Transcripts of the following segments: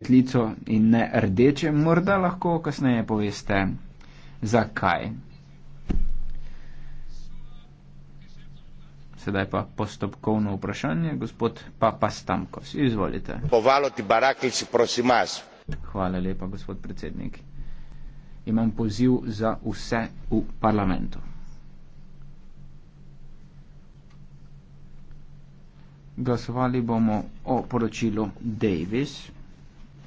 svetlico in ne rdeče. Morda lahko kasneje poveste, zakaj. Sedaj pa postopkovno vprašanje, gospod Papa Stamkos. Izvolite. Hvala lepa, gospod predsednik. Imam poziv za vse v parlamentu. Glasovali bomo o poročilu Davis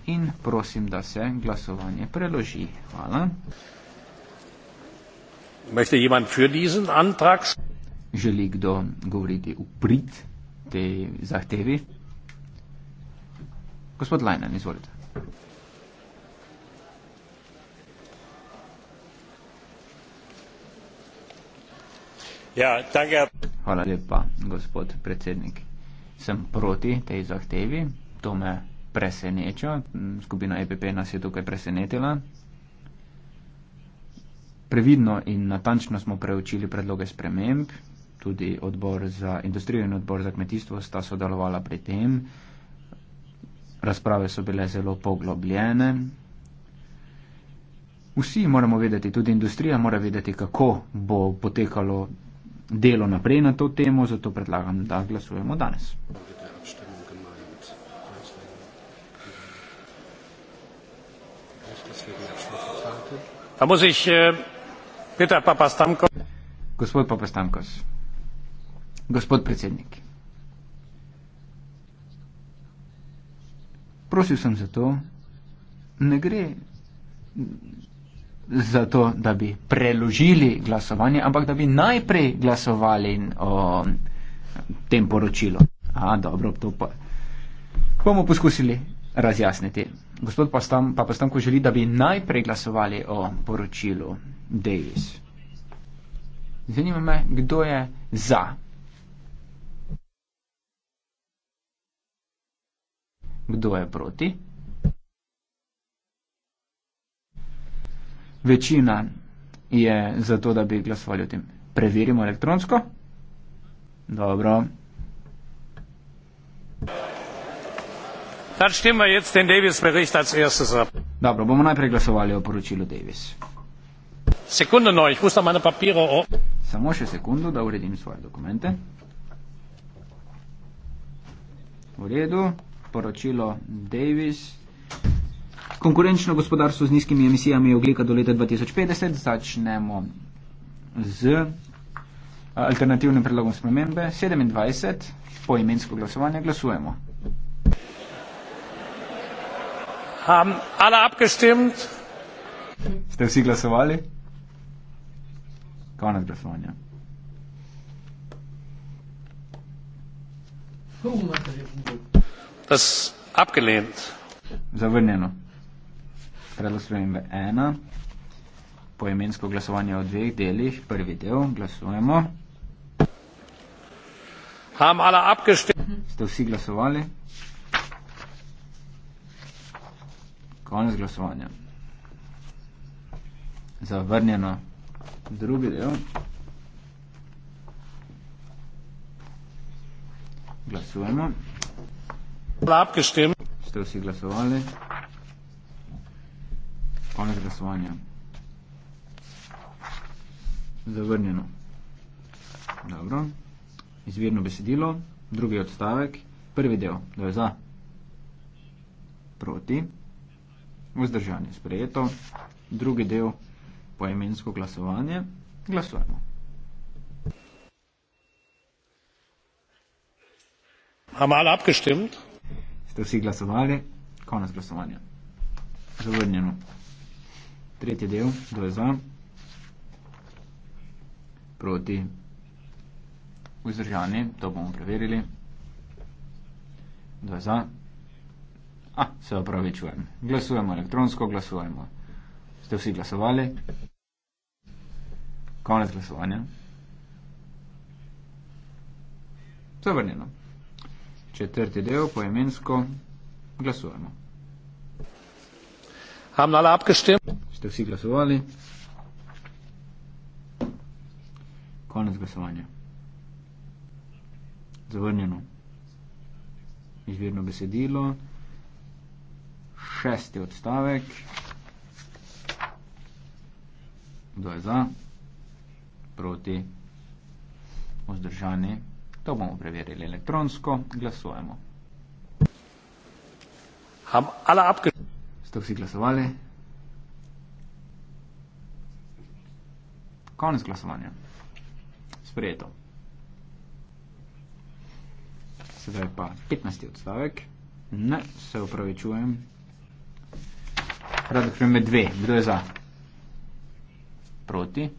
in prosim, da se glasovanje preloži. Hvala. Želi kdo govoriti v prid te zahtevi? Gospod Lajnen, izvolite. Ja, Hvala lepa, gospod predsednik. Sem proti tej zahtevi, to me preseneča. Skupina EPP nas je tukaj presenetila. Previdno in natančno smo preučili predloge sprememb. Tudi odbor za industrijo in odbor za kmetijstvo sta sodelovala pri tem. Razprave so bile zelo poglobljene. Vsi moramo vedeti, tudi industrija mora vedeti, kako bo potekalo delo naprej na to temo, zato predlagam, da glasujemo danes. E, gospod papastamkos gospod predsednik prosil sem za to ne gre za to, da bi preložili glasovanje, ampak da bi najprej glasovali o tem poročilu. A, dobro, to pa bomo poskusili razjasniti. Gospod Pastam, pa postanko želi, da bi najprej glasovali o poročilu Davis. Zanima me, kdo je za. Kdo je proti? Večina je za to, da bi glasovali o tem. Preverimo elektronsko. Dobro. Dobro, bomo najprej glasovali o poročilu Davis. Samo še sekundo, da uredim svoje dokumente. V redu, poročilo Davis. Konkurenčno gospodarstvo z nizkimi emisijami oglika do leta 2050. Začnemo z eh, alternativnim predlogom spremembe 27. Po imensko glasovanje glasujemo. haben alle abgestimmt. Ste vsi glasovali? Konec glasovanja. Das abgelehnt. Zavrnjeno. Predlog spremembe ena. Poimensko glasovanje o dveh delih. Prvi del. Glasujemo. Haben alle abgestimmt. Ste vsi glasovali? Konec glasovanja. Zavrnjeno. Drugi del. Glasujemo. Lapke štem. Ste vsi glasovali? Konec glasovanja. Zavrnjeno. Dobro. Izvirno besedilo. Drugi odstavek. Prvi del. Kdo je za? Proti vzdržanje sprejeto, drugi del poemensko glasovanje, glasujemo. Amala abgestimmt? Ste vsi glasovali? Konec glasovanja. Zavrnjeno. Tretji del, kdo je za? Proti. Vzdržani, to bomo preverili. Kdo je za? A, se opravičujem. Glasujemo elektronsko, glasujemo. Ste vsi glasovali? Konec glasovanja. Zavrnjeno. Četrti del poemensko glasujemo. Ste vsi glasovali? Konec glasovanja. Zavrnjeno. Izvirno besedilo šesti odstavek. Kdo je za? Proti? Vzdržani? To bomo preverili elektronsko. Glasujemo. Ste vsi glasovali? Konec glasovanja. Sprejeto. Sedaj pa 15. odstavek. Ne, se upravičujem. Prav, da prime dve. Kdo je za? Proti?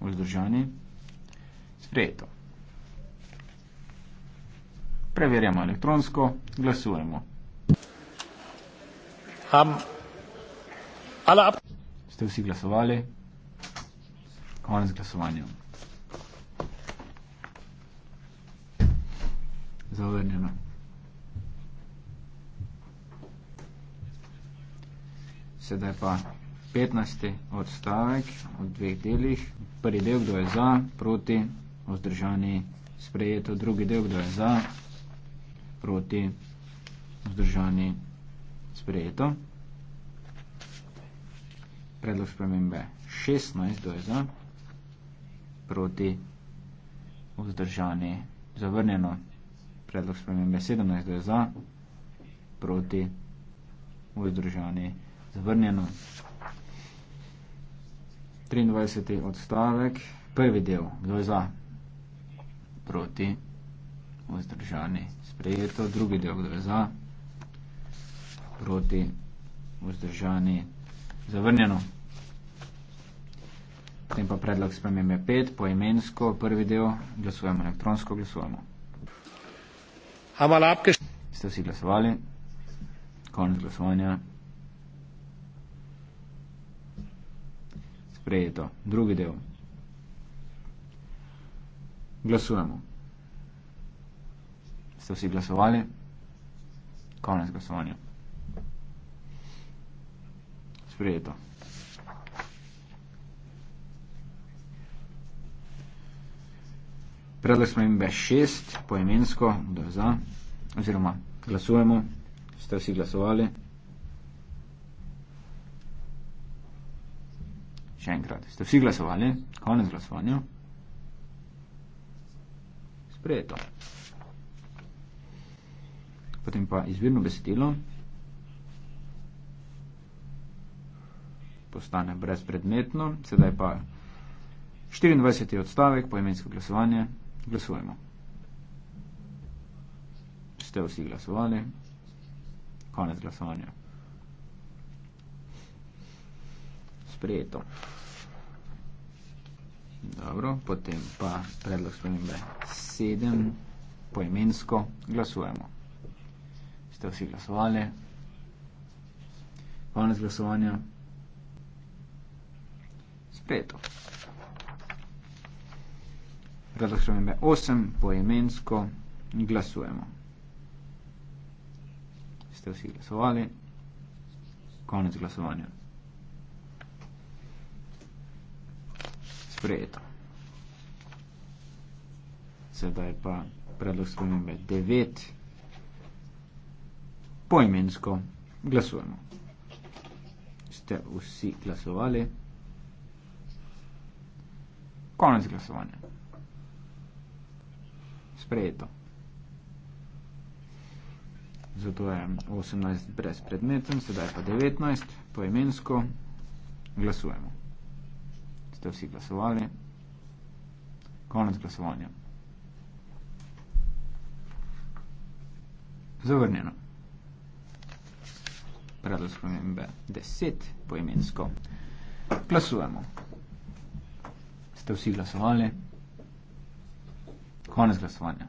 Vzdržani? Sprejeto. Preverjamo elektronsko, glasujemo. Am. Alap. Ste vsi glasovali? Konec glasovanja. Zavrnjeno. Sedaj pa 15. odstavek v dveh delih. Prvi del, kdo je za, proti, vzdržani, sprejeto. Drugi del, kdo je za, proti, vzdržani, sprejeto. Predlog spremembe 16, kdo je za, proti, vzdržani, zavrnjeno. Predlog spremembe 17, kdo je za, proti, vzdržani, sprejeto zavrnjeno. 23. odstavek, prvi del, kdo je za, proti, vzdržani, sprejeto, drugi del, kdo je za, proti, vzdržani, zavrnjeno. Potem pa predlog spremem je pet, poimensko, prvi del, glasujemo elektronsko, glasujemo. Ste vsi glasovali? Konec glasovanja. sprejeto. Drugi del. Glasujemo. Ste vsi glasovali? Konec glasovanja. Sprejeto. Predlog smo imeli šest, poemensko, kdo je za, oziroma glasujemo, ste vsi glasovali. Še enkrat, ste vsi glasovali, konec glasovanja. Sprejeto. Potem pa izvirno besedilo postane brezpredmetno, sedaj pa 24. odstavek, poimensko glasovanje, glasujemo. Ste vsi glasovali, konec glasovanja. Sprejeto. Dobro, potem pa predlog spremembe. Sedem poimensko glasujemo. Ste vsi glasovali? Konec glasovanja. Sprejeto. Predlog spremembe. Osem poimensko glasujemo. Ste vsi glasovali? Konec glasovanja. Sprejeto sedaj pa predlog spremembe 9. Poimensko glasujemo. Ste vsi glasovali? Konec glasovanja. Sprejeto. Zato je 18 brez predmetov, sedaj pa 19 poimensko glasujemo. Ste vsi glasovali? Konec glasovanja. Zavrnjeno. Predlog spremembe 10 poimensko. Glasujemo. Ste vsi glasovali? Konec glasovanja.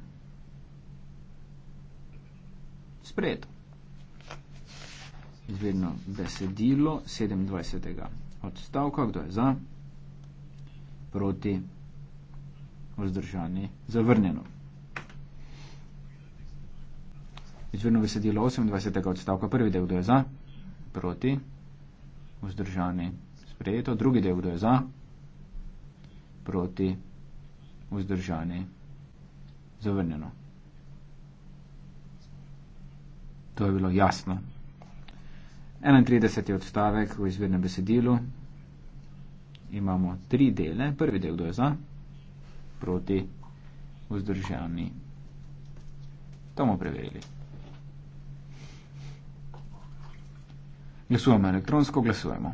Sprejeto. Izvedno besedilo 27. odstavka. Kdo je za? Proti? Vzdržani? Zavrnjeno. Izvirno besedilo 28. odstavka. Prvi del, kdo je za? Proti. Vzdržani. Sprejeto. Drugi del, kdo je za? Proti. Vzdržani. Zavrnjeno. To je bilo jasno. 31. odstavek v izvirnem besedilu. Imamo tri dele. Prvi del, kdo je za? Proti. Vzdržani. To bomo preverili. Glasujemo elektronsko, glasujemo.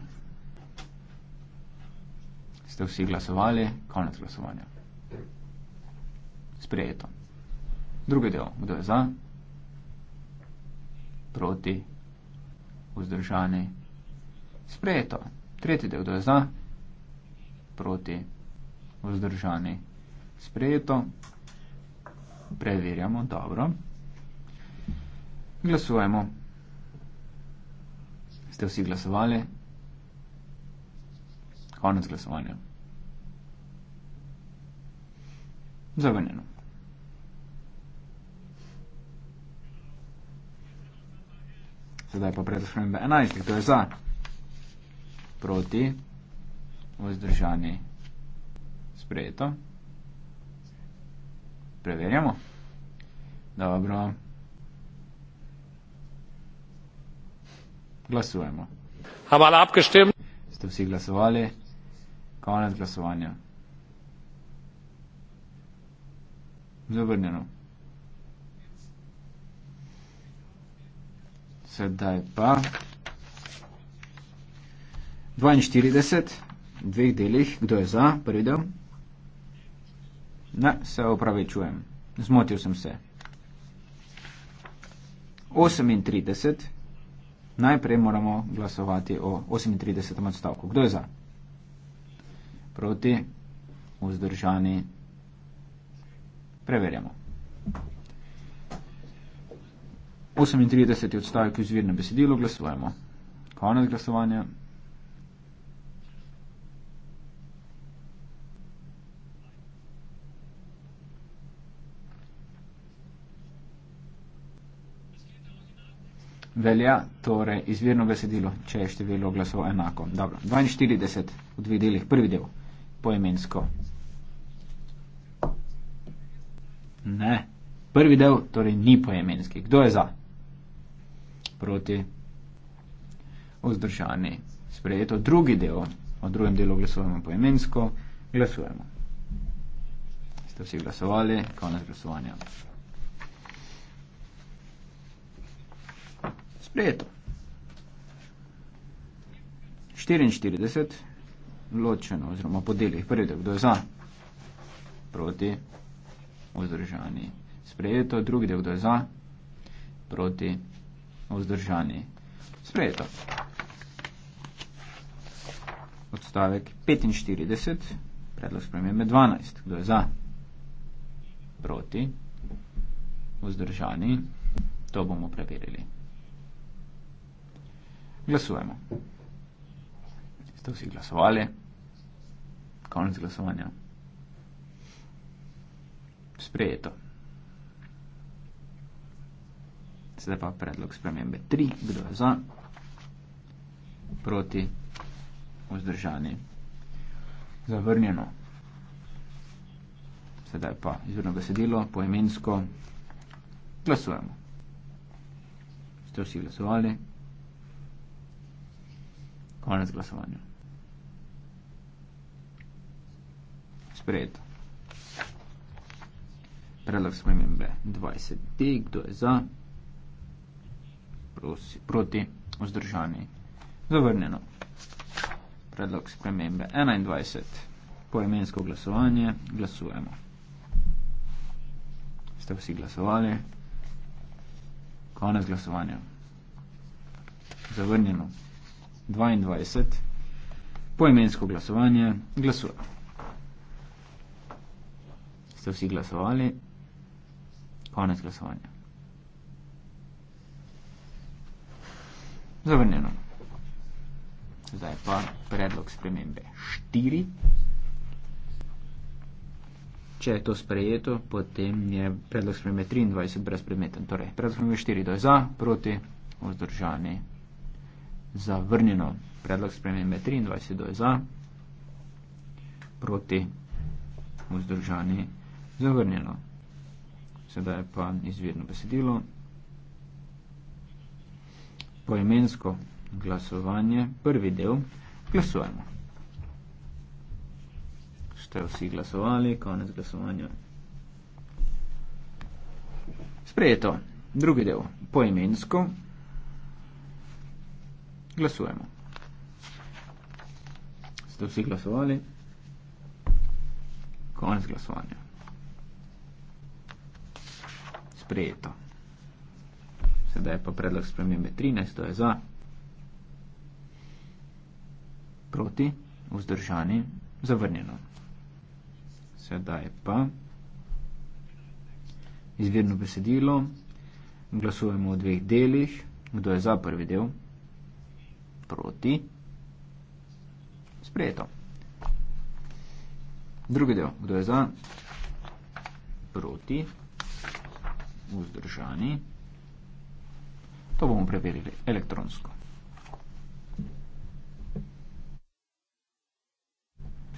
Ste vsi glasovali? Konec glasovanja. Sprejeto. Drugi del. Kdo je za? Proti? Vzdržani? Sprejeto. Tretji del. Kdo je za? Proti? Vzdržani? Sprejeto. Preverjamo. Dobro. Glasujemo. Ste vsi glasovali? Konec glasovanja. Zavrnjeno. Sedaj pa predvsem v 11. Kdo je za? Proti? Vzdržani? Sprejeto? Preverjamo? Dobro. Dobro. Glasujemo. Ste vsi glasovali? Konec glasovanja. Zavrnjeno. Sedaj pa 42 v dveh delih, kdo je za, prvi del. Ne, se opravičujem, zmotil sem se. 38. Najprej moramo glasovati o 38. odstavku. Kdo je za? Proti? Vzdržani? Preverjamo. 38. odstavek je izvirno besedilo, glasujemo. Konec glasovanja. velja torej izvirno besedilo, če je število glasov enako. Dobro, 42 v dveh delih, prvi del, poemensko. Ne, prvi del torej ni poemenski. Kdo je za? Proti. Vzdržani. Sprejeto drugi del, o drugem delu glasujemo poemensko. Glasujemo. Ste vsi glasovali, konec glasovanja. sprejeto. 44 ločeno oziroma podelih. Prvi del, kdo je za, proti, vzdržani, sprejeto. Drugi del, kdo je za, proti, vzdržani, sprejeto. Odstavek 45, predlog spremembe 12. Kdo je za, proti, vzdržani, to bomo preverili. Glasujemo. Ste vsi glasovali? Konec glasovanja. Sprejeto. Sedaj pa predlog spremembe 3. Kdo je za? Proti? Vzdržani? Zavrnjeno. Sedaj pa izvrno besedilo, poemensko. Glasujemo. Ste vsi glasovali? Konec glasovanja. Sprejeto. Predlog spremembe 20D. Kdo je za? Prosi, proti? Vzdržani? Zavrnjeno. Predlog spremembe 21. Poemensko glasovanje. Glasujemo. Ste vsi glasovali? Konec glasovanja. Zavrnjeno. 2022, poimensko glasovanje, glasuje. Ste vsi glasovali? Konec glasovanja. Zavrnjeno. Zdaj pa predlog spremembe 4. Če je to sprejeto, potem je predlog spremembe 23 brezpredmeten. Torej, predlog spremembe 4 do je za, proti, vzdržani zavrnjeno. Predlog spremembe 23 do je za, proti vzdržani zavrnjeno. Sedaj pa izvirno besedilo. Poimensko glasovanje, prvi del, glasujemo. Ste vsi glasovali, konec glasovanja. Sprejeto, drugi del, poimensko glasovanje. Glasujemo. Ste vsi glasovali? Konec glasovanja. Sprejeto. Sedaj je pa predlog spremembe 13, to je za. Proti, vzdržani, zavrnjeno. Sedaj pa izvirno besedilo. Glasujemo v dveh delih. Kdo je za prvi del? proti. Sprejeto. Drugi del. Kdo je za? Proti. Vzdržani. To bomo preverili elektronsko.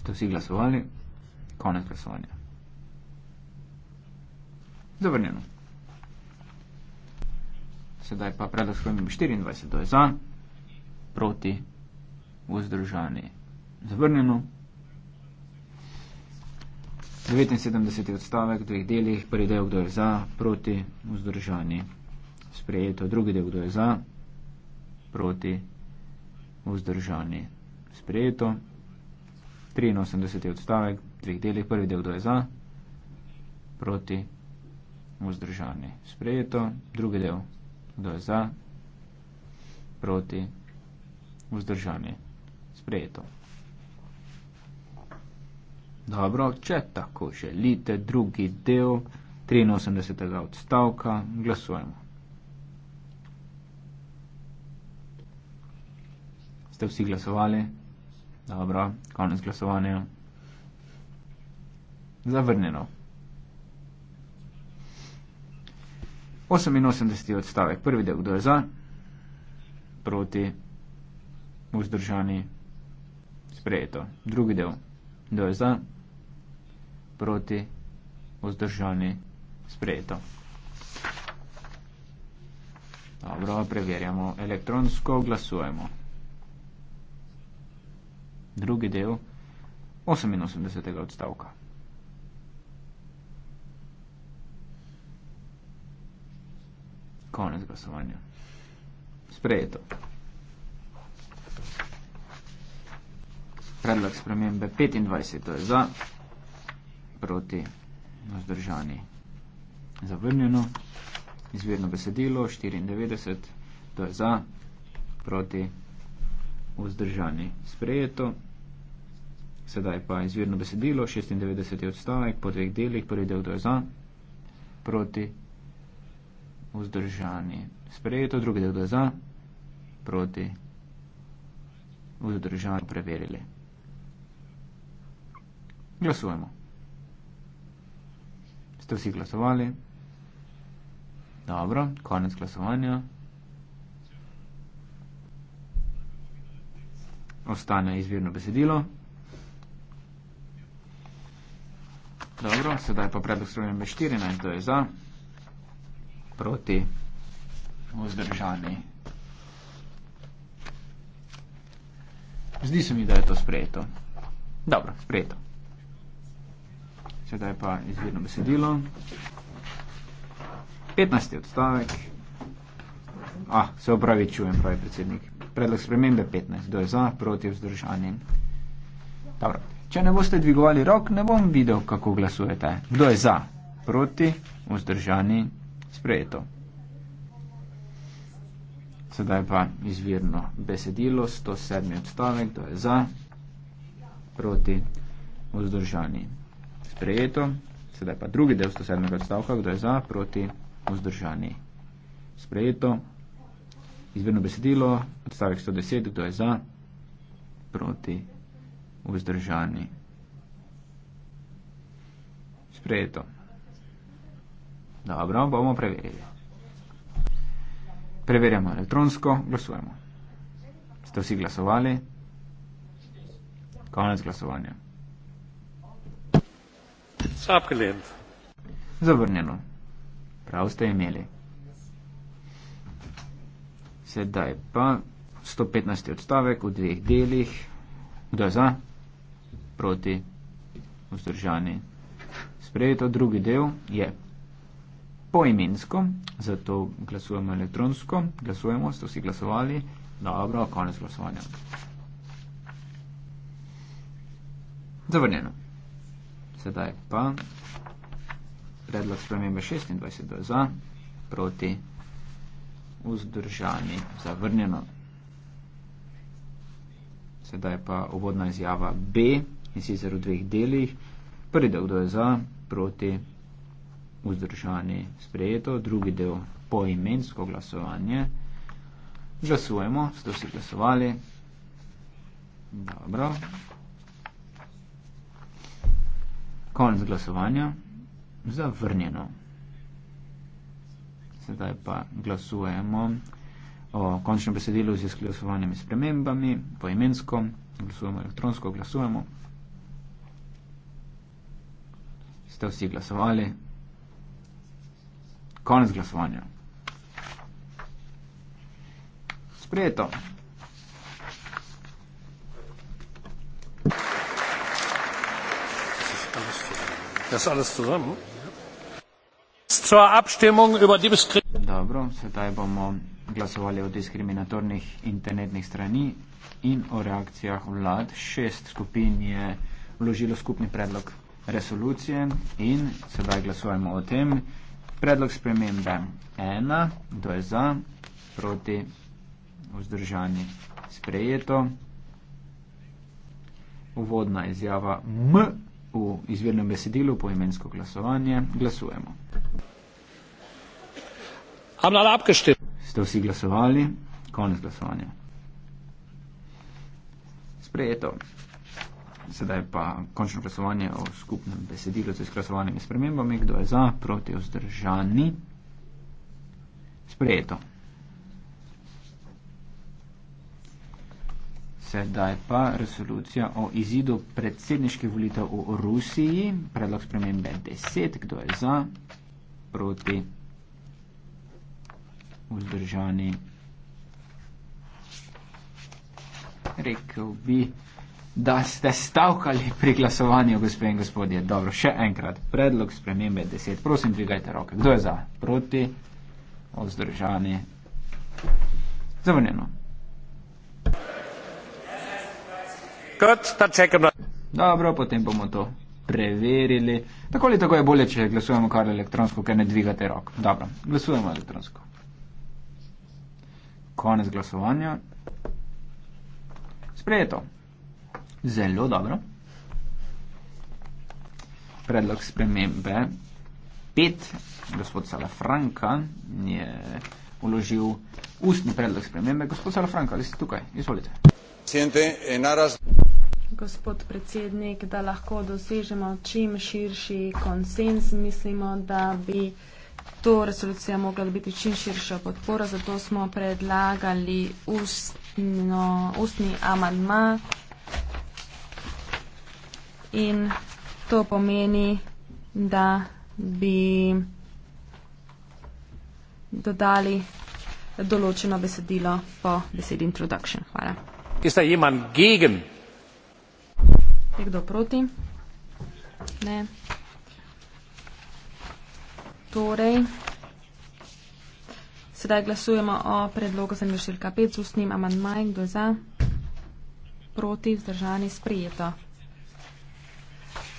Ste vsi glasovali? Konec glasovanja. Zavrnjeno. Sedaj pa predlog s kojim 24. Kdo je za? Proti proti vzdržani. Zavrnjeno. 79. odstavek, dveh delih, prvi del, kdo je za, proti vzdržani. Sprejeto, drugi del, kdo je za, proti vzdržani. Sprejeto. 83. odstavek, dveh delih, prvi del, kdo je za, proti vzdržani. Sprejeto, drugi del, kdo je za, proti vzdržani vzdržanje. Sprejeto. Dobro, če tako želite, drugi del 83. odstavka, glasujemo. Ste vsi glasovali? Dobro, konec glasovanja. Zavrnjeno. 88. odstavek, prvi del, kdo je za? Proti vzdržani sprejeto. Drugi del, kdo je za, proti, vzdržani sprejeto. Dobro, preverjamo. Elektronsko glasujemo. Drugi del 88. odstavka. Konec glasovanja. Sprejeto. predlog spremembe 25, to je za, proti, vzdržani, zavrnjeno, izvirno besedilo 94, to je za, proti, vzdržani, sprejeto. Sedaj pa izvirno besedilo 96 odstavek po dveh delih, prvi del to je za, proti, vzdržani, sprejeto, drugi del to je za, proti, vzdržani, preverili. Glasujemo. Ste vsi glasovali? Dobro, konec glasovanja. Ostane izvirno besedilo. Dobro, sedaj pa predlog spremembe 14, kdo je za, proti, vzdržani. Zdi se mi, da je to sprejeto. Dobro, sprejeto sedaj pa izvirno besedilo. 15. odstavek. Ah, se opravičujem, pravi predsednik. Predlog spremembe 15. Do je za, proti vzdržanje. Dobro. Če ne boste dvigovali rok, ne bom videl, kako glasujete. Kdo je za, proti, vzdržani, sprejeto. Sedaj pa izvirno besedilo, 107. odstavek, kdo je za, proti, vzdržani, sprejeto. Sprejeto. Sedaj pa drugi del 107. stavka, kdo je za, proti, vzdržani. Sprejeto. Izvirno besedilo, odstavek 110, kdo je za, proti, vzdržani. Sprejeto. Dobro, bomo preverili. Preverjamo elektronsko, glasujemo. Ste vsi glasovali? Konec glasovanja abgelehnt. Zavrnjeno. Prav ste imeli. Sedaj pa 115. odstavek v dveh delih. Kdo je za? Proti? Vzdržani? Sprejeto. Drugi del je poimensko, zato glasujemo elektronsko. Glasujemo, ste vsi glasovali. Dobro, konec glasovanja. Zavrnjeno. Sedaj pa predlog spremembe 26 do za, proti, vzdržani, zavrnjeno. Sedaj pa uvodna izjava B in sicer v dveh delih. Prvi del, kdo je za, proti, vzdržani, sprejeto. Drugi del, poimensko glasovanje. Glasujemo, ste vsi glasovali. Dobro. Konec glasovanja. Zavrnjeno. Sedaj pa glasujemo o končnem besedilu z izglasovanimi spremembami, poimensko, glasujemo elektronsko, glasujemo. Ste vsi glasovali? Konec glasovanja. Sprejeto. Dobro, sedaj bomo glasovali o diskriminatornih internetnih strani in o reakcijah vlad. Šest skupin je vložilo skupni predlog resolucije in sedaj glasujemo o tem. Predlog spremembe ena, kdo je za, proti, vzdržani, sprejeto. Uvodna izjava M v izvirnem besedilu poimensko glasovanje. Glasujemo. Ste vsi glasovali? Konec glasovanja. Sprejeto. Sedaj pa končno glasovanje o skupnem besedilu z izglasovanimi spremembami. Kdo je za, proti, vzdržani? Sprejeto. sedaj pa resolucija o izidu predsedniških volitev v Rusiji, predlog spremembe 10, kdo je za, proti, vzdržani. Rekel bi, da ste stavkali pri glasovanju, gospe in gospodje. Dobro, še enkrat, predlog spremembe 10, prosim, dvigajte roke. Kdo je za, proti, vzdržani. Zavrnjeno. kot ta čekam. Dobro, potem bomo to preverili. Tako ali tako je bolje, če glasujemo kar elektronsko, ker ne dvigate rok. Dobro, glasujemo elektronsko. Konec glasovanja. Sprejeto. Zelo dobro. Predlog spremembe. Pet, gospod Salafranka je uložil ustni predlog spremembe. Gospod Salafranka, ali ste tukaj? Izvolite paciente en aras. Gospod predsednik, da lahko dosežemo čim širši konsens, mislimo, da bi to resolucija mogla dobiti čim širšo podporo, zato smo predlagali ustno, ustni amanma in to pomeni, da bi dodali določeno besedilo po besedi introduction. Hvala ist da jemand gegen? Nekdo proti? Ne. Torej, sedaj glasujemo o predlogu za mišljka 5 z ustnim amandmajem. Kdo je za? Proti, vzdržani, sprijeto.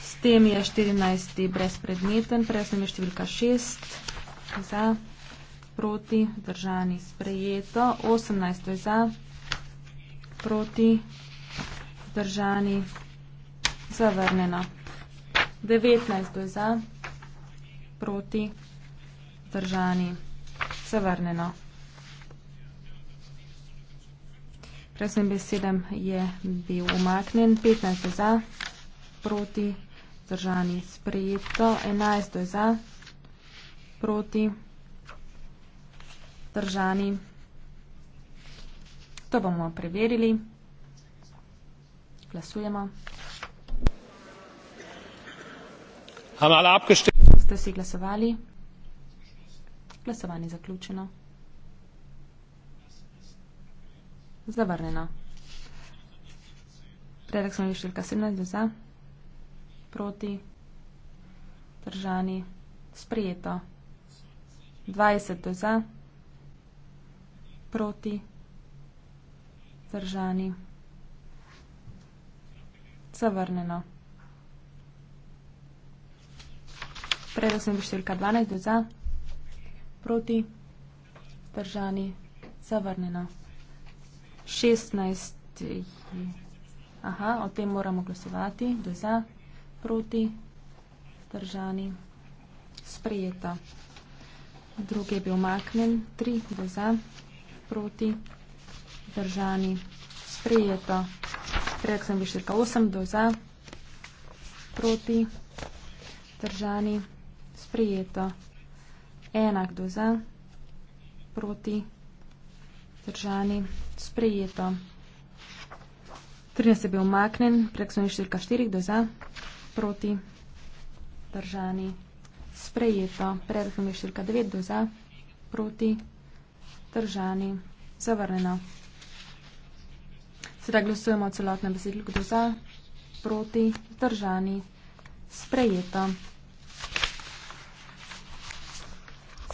S tem je 14. brezpredmeten, prejšnji je številka 6. Za, proti, vzdržani, sprijeto. 18. je za proti, zdržani, zavrnjeno. 19 je za, proti, zdržani, zavrnjeno. Presen B7 je bil umaknen, 15 je za, proti, zdržani, sprejeto, 11 je za, proti, zdržani, zavrnjeno. To bomo preverili. Glasujemo. Ste vsi glasovali? Glasovanje zaključeno. Zavrnjeno. Predlog smo imeli številka 17 za, proti, držani, sprijeto. 20 za, proti, vzdržani. Zavrnjeno. Predlog sem številka 12 za, proti, vzdržani, zavrnjeno. 16. Aha, o tem moramo glasovati. Kdo je za, proti, vzdržani, sprejeto. Drugi je bil omaknen, 3, kdo je za, proti, vzdržani. Sprejeto. Prejek sem bi še to 8 do za. Proti. Vzdržani. Sprejeto. Enak do za. Proti. Vzdržani. Sprejeto. 13 je bil umaknen, prek smo išli ka 4 do za, proti, držani, sprejeto, prek smo išli ka 9 do za, proti, držani, zavrneno. Sedaj glasujemo o celotnem besedilu, kdo za, proti, držani, sprejeto.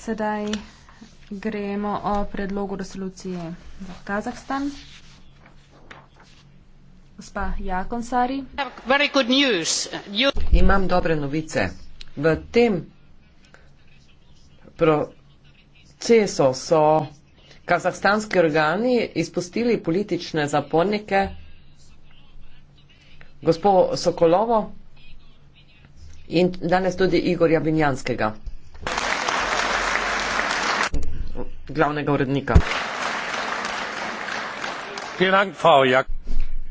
Sedaj gremo o predlogu resolucije za Kazahstan. Gospa Jakonsari. You... Imam dobre novice. V tem procesu so kazahstanski organi izpustili politične zapornike. Gospod Sokolovo in danes tudi Igorja Vinjanskega, glavnega urednika.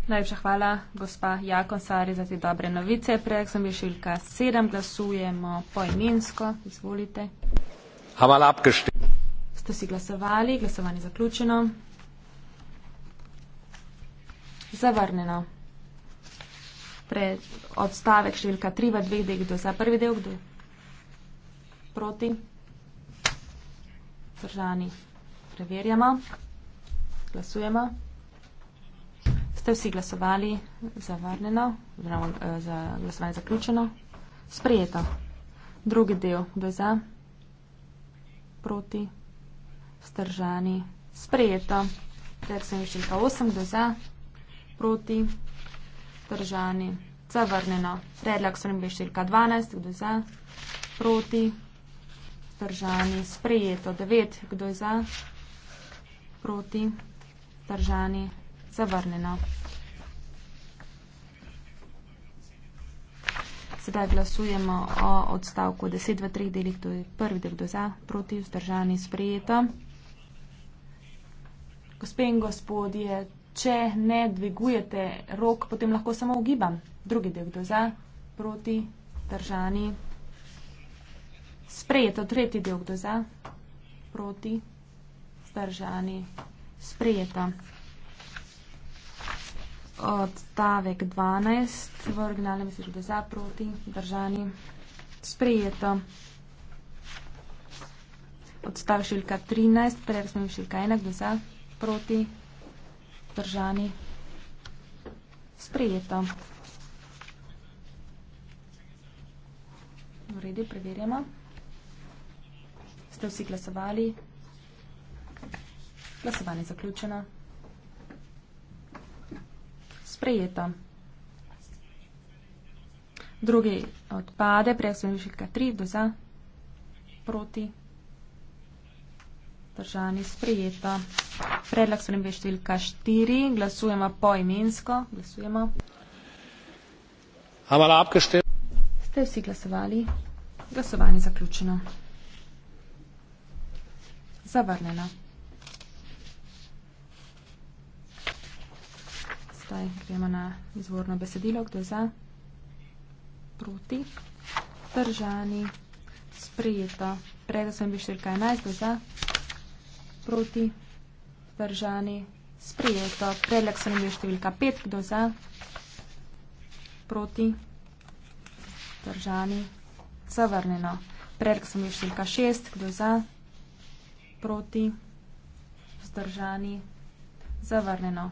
Najlepša hvala, gospa Jakonsari, za te dobre novice. Prejek sem je šilka sedem, glasujemo poimensko, izvolite ste si glasovali, glasovanje zaključeno. Zavrnjeno. Pred odstavek številka 3 v dveh delih, kdo za prvi del, kdo proti. Zdržani. Preverjamo. Glasujemo. Ste vsi glasovali zavrnjeno, oziroma eh, za glasovanje zaključeno? Sprijeto. Drugi del, kdo je za? Proti vzdržani. Sprejeto. Ter se je številka 8 do za, proti, vzdržani. Zavrnjeno. Predlog so nebe številka 12, kdo je za, proti, vzdržani. Sprejeto. 9, kdo je za, proti, vzdržani. Zavrnjeno. Sedaj glasujemo o odstavku 10 v 3 delih, to je prvi del do za, proti, vzdržani, sprejeto. Gospe in gospodje, če ne dvigujete rok, potem lahko samo ugibam. Drugi del, kdo za, proti, držani. Sprejeto, tretji del, kdo za, proti, držani. Sprejeto. Odstavek 12, v originalnem mislim, kdo za, proti, držani. Sprejeto. Odstavek šilka 13, prej smo imeli šilka 1, kdo za proti držani. Sprejeto. V redu, preverjamo. Ste vsi glasovali? Glasovanje zaključeno. Sprejeto. Drugi odpade, prej smo imeli še tri, kdo za? Proti vzdržani sprejeto. Predlog spremembe številka 4. Glasujemo po imensko. Glasujemo. Ste vsi glasovali? Glasovanje zaključeno. Zavrnjeno. Zdaj gremo na izvorno besedilo. Kdo je za? Proti. Držani. Sprejeto. Predlog sem bil številka 11. Kdo je za? proti, vzdržani, sprijeto. Predlog se nam je številka 5, kdo za, proti, vzdržani, zavrnjeno. Predlog se nam je številka 6, kdo za, proti, vzdržani, zavrnjeno.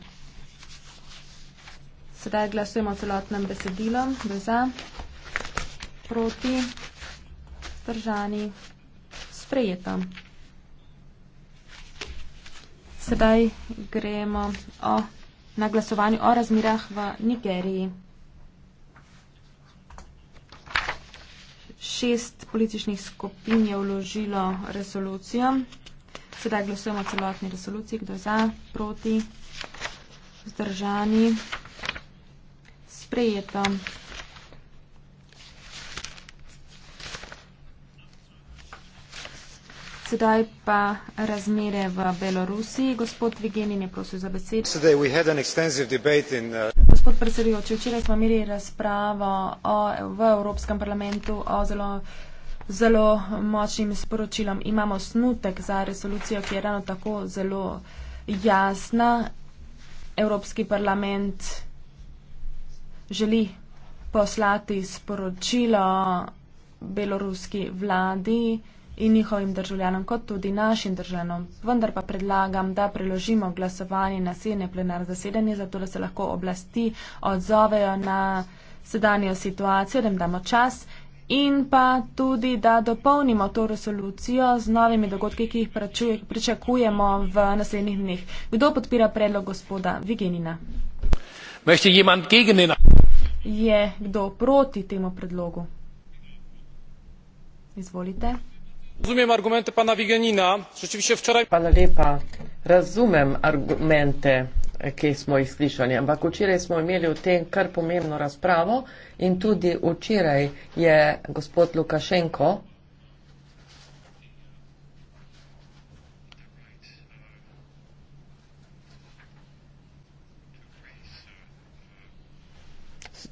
Sedaj glasujemo celotnem besedilom, kdo za, proti, vzdržani, sprijeto. Sedaj gremo o, na glasovanju o razmirah v Nigeriji. Šest političnih skupin je vložilo resolucijo. Sedaj glasujemo o celotni resoluciji. Kdo za, proti, vzdržani, sprejeto. Sedaj pa razmere v Belorusiji. Gospod Vigenin je prosil za besedo. Uh, Gospod predsedujoči, včeraj smo imeli razpravo o, v Evropskem parlamentu o zelo, zelo močnim sporočilom. Imamo snutek za resolucijo, ki je ravno tako zelo jasna. Evropski parlament želi poslati sporočilo beloruski vladi in njihovim državljanom, kot tudi našim državljanom. Vendar pa predlagam, da preložimo glasovanje na sedne plenar zasedanje, zato da se lahko oblasti odzovejo na sedanjo situacijo, da jim damo čas in pa tudi, da dopolnimo to resolucijo z novimi dogodki, ki jih pričakujemo v naslednjih dneh. Kdo podpira predlog gospoda Vigenina? Je kdo proti temu predlogu? Izvolite rozumiem argumenty pana vigenina rzeczywiście wczoraj. rozumiem argumente. ki smo jih slišali. Ampak včeraj smo imeli o tem kar pomembno razpravo in tudi včeraj je gospod Lukašenko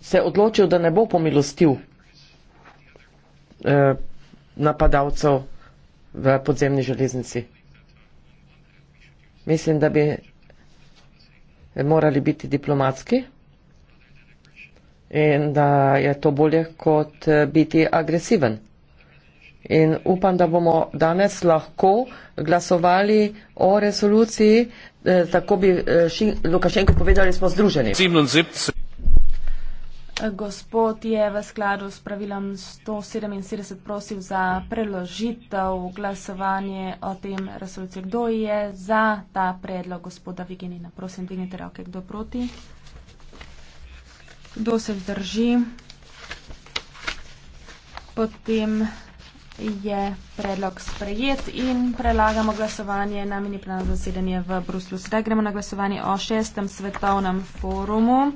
se odločil, da ne bo pomilostil eh, napadalcev v podzemni železnici. Mislim, da bi morali biti diplomatski in da je to bolje kot eh, biti agresiven. In upam, da bomo danes lahko glasovali o resoluciji, eh, tako bi eh, Lukašenko povedali, smo združeni. 77. Gospod je v skladu s pravilom 177 prosil za preložitev glasovanje o tem resolucijo. Kdo je za ta predlog gospoda Viginina? Prosim, dvignite roke. Kdo proti? Kdo se vzdrži? Potem je predlog sprejet in prelagamo glasovanje na mini plan zasedanje v Bruslju. Sedaj gremo na glasovanje o šestem svetovnem forumu.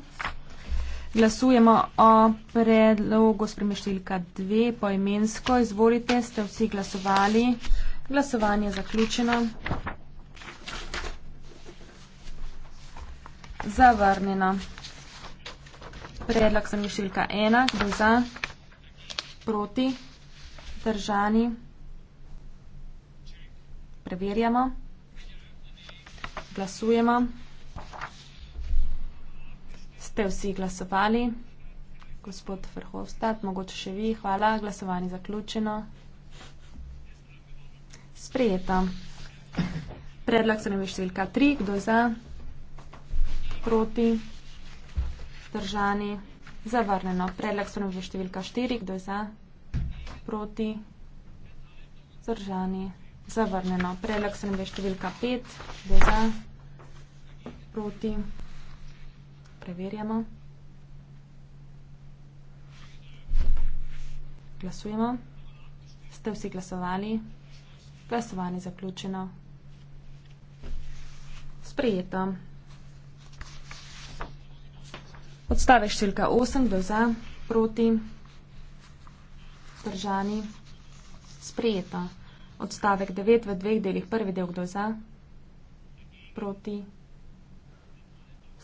Glasujemo o predlogu spremeštevka 2 po imensko. Izvolite, ste vsi glasovali. Glasovanje je zaključeno. Zavrnjeno. Predlog spremeštevka 1, kdo za, proti, držani. Preverjamo. Glasujemo ste vsi glasovali. Gospod Verhofstadt, mogoče še vi. Hvala. Glasovanje zaključeno. Sprejeto. Predlog se nam je številka 3. Kdo za? Proti? Držani? Zavrneno. Predlog se nam je številka 4. Kdo za? Proti? Zdržani? Zavrneno. Predlog se nam je številka 5. Kdo za? Proti? preverjamo. Glasujemo. Ste vsi glasovali? Glasovanje zaključeno. Sprejeto. Odstavek številka 8, kdo za, proti, držani, sprejeto. Odstavek 9 v dveh delih, prvi del, kdo za, proti,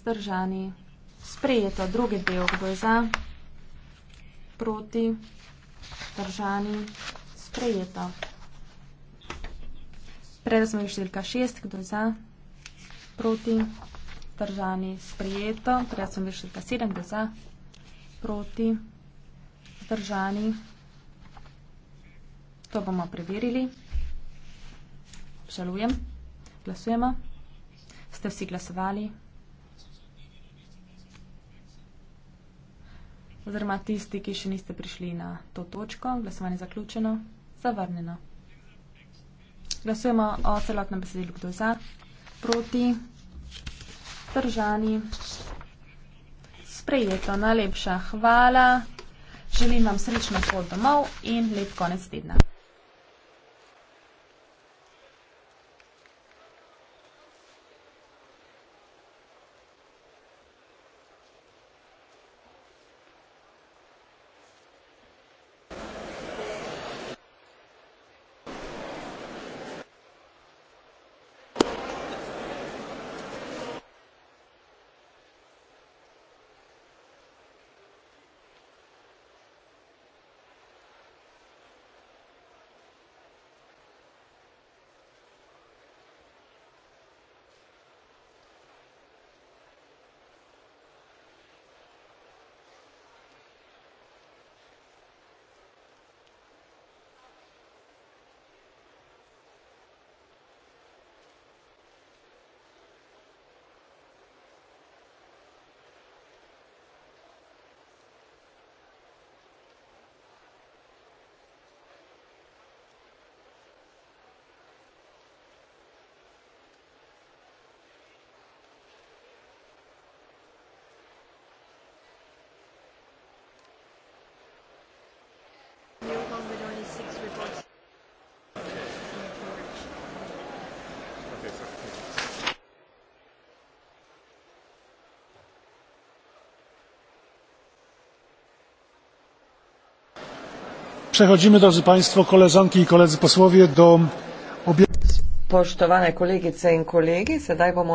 držani, sprejeto. Sprejeto. Drugi del. Kdo je za? Proti. Držani. Sprejeto. Predaj smo jih številka šest. Kdo je za? Proti. Držani. Sprejeto. Predaj smo jih številka sedem. Kdo je za? Proti. Držani. To bomo preverili. Žalujem. Glasujemo. Ste vsi glasovali? oziroma tisti, ki še niste prišli na to točko, glasovanje zaključeno, zavrnjeno. Glasujemo o celotnem besedilu, kdo je za, proti, držani. Sprejeto, najlepša hvala. Želim vam srečno pot domov in lep konec tedna. Przechodzimy, drodzy Państwo, koleżanki i koledzy posłowie, do obie... Poštovane kolegice in kolegi, sedaj bomo.